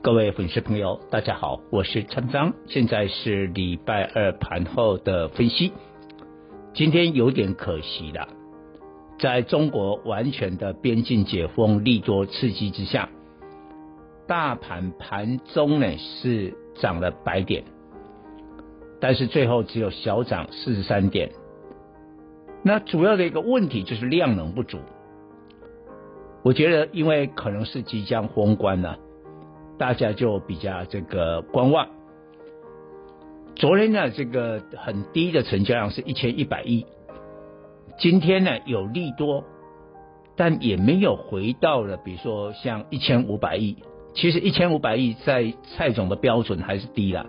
各位粉絲朋友，大家好，我是蔡明彰，現在是禮拜二盤後的分析。今天有點可惜了，在中國完全的邊境解封、利多刺激之下，大盤盤中呢是漲了百點，但是最後只有小漲四十三點。那主要的一個問題就是量能不足。我覺得，因為可能是即將封關了。大家就比較這個觀望。昨天呢，這個很低的成交量是一千一百億。今天呢，有利多，但也沒有回到了，比如說像一千五百億。其實一千五百億在蔡總的標準還是低啦。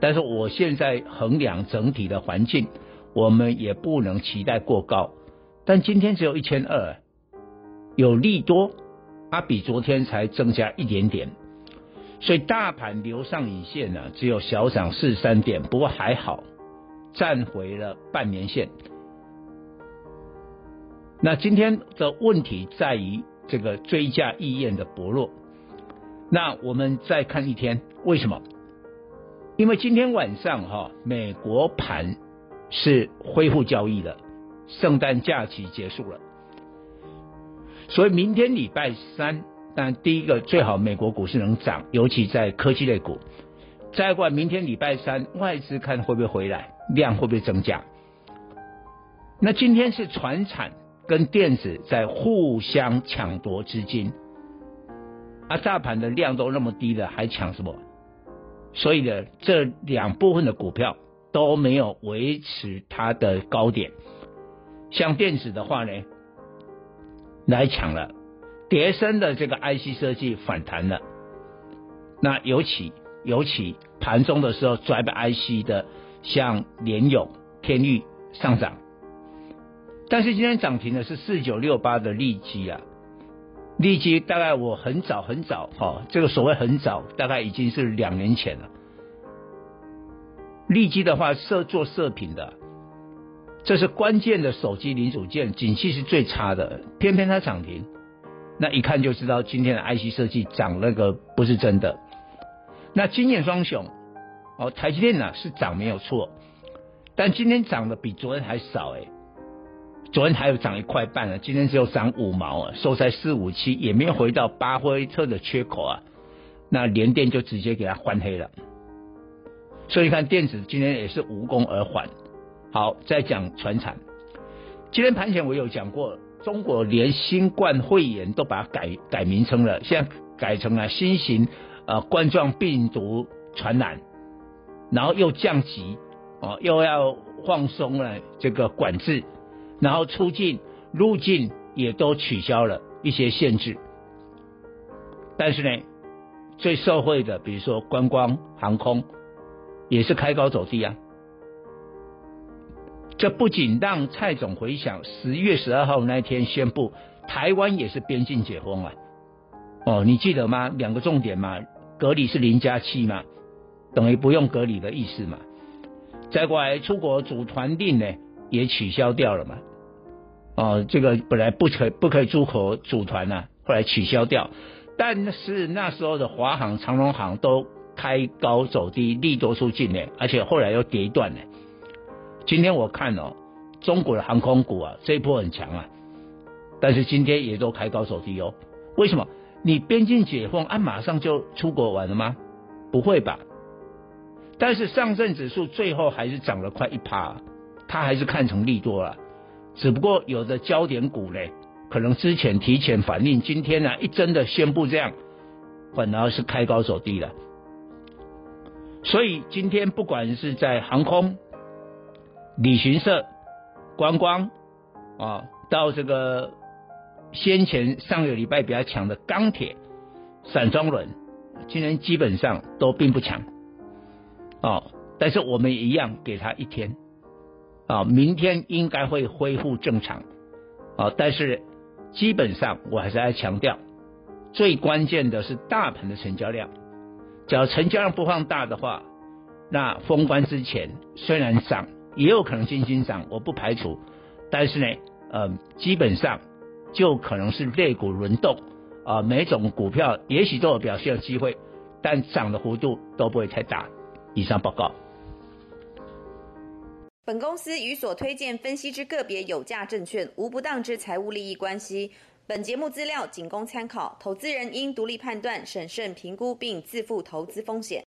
但是我現在衡量整體的環境，我們也不能期待過高。但今天只有一千二，有利多，它比昨天才增加一點點。所以大盤留上影線呢、啊，只有小漲四十三點，不過還好，站回了半年線。那今天的問題在於這個追價意願的薄弱。那我們再看一天，為什麼？因為今天晚上哈、啊，美國盤是恢復交易的，聖誕假期結束了，所以明天禮拜三。但第一個最好美國股市能漲，尤其在科技類股。再過明天禮拜三，外資看會不會回來，量會不會增加？那今天是傳產跟電子在互相搶奪資金，而、啊、大盤的量都那麼低了，還搶什麼？所以呢，這兩部分的股票都沒有維持它的高點。像電子的話呢，來搶了，跌深的這個 IC 設計反彈了，那尤其尤其盤中的時候，Drive IC 的像聯詠、天鈺上漲，但是今天漲停的是四九六八的立積啊，立積大概我很早很早哈、哦，這個所謂很早大概已經是兩年前了，立積的話是做射頻的，這是關鍵的手機零組件，景氣是最差的，偏偏它漲停。那一看就知道今天的 IC 設計漲那個不是真的。那晶圓雙雄哦，台積電呢、啊、是漲沒有錯，但今天漲的比昨天還少誒、欸、昨天還有漲一塊半了、啊，今天只有漲五毛啊，收在四五七，也沒有回到巴菲特的缺口啊。那聯電就直接給它翻黑了，所以你看電子今天也是無功而返。好，再講傳產，今天盤前我有講過。中國連新冠肺炎都把它改改名稱了，現在改成了、啊、新型呃冠狀病毒傳染，然後又降級，啊、哦，又要放鬆了這個管制，然後出境入境也都取消了一些限制，但是呢，最受惠的，比如說觀光航空，也是開高走低啊。這不僅讓蔡總回想十月十二號那天宣布，台灣也是邊境解封了、啊。哦，你記得嗎？兩個重點嘛，隔離是零加七嘛，等於不用隔離的意思嘛。再過來出國組團令呢，也取消掉了嘛。哦，這個本來不可以不可以出國組團呢、啊，後來取消掉。但是那時候的華航、長榮航都開高走低，利多出盡呢，而且後來又跌斷了。今天我看了、哦、中國的航空股啊，這一波很強啊，但是今天也都開高走低哦。為什麼？你邊境解封，啊馬上就出國玩了嗎？不會吧。但是上證指數最後還是漲了快一趴、啊，它還是看成利多了。只不過有的焦點股嘞，可能之前提前反應，今天呢、啊、一真的宣布這樣，反而是開高走低了。所以今天不管是在航空。旅行社、觀光啊、哦，到這個先前上個禮拜比較強的鋼鐵、散裝輪，今天基本上都並不強啊、哦。但是我們也一樣給他一天啊、哦，明天應該會恢復正常啊、哦。但是基本上我還是要強調，最關鍵的是大盤的成交量，只要成交量不放大的話，那封關之前雖然漲。也有可能繼續漲，我不排除，但是呢，呃，基本上就可能是類股輪動，啊、呃，每種股票也許都有表現的機會，但漲的幅度都不會太大。以上報告。本公司與所推薦分析之個別有價證券無不當之財務利益關係。本節目資料僅供參考，投資人應獨立判斷、審慎評估並自負投資風險。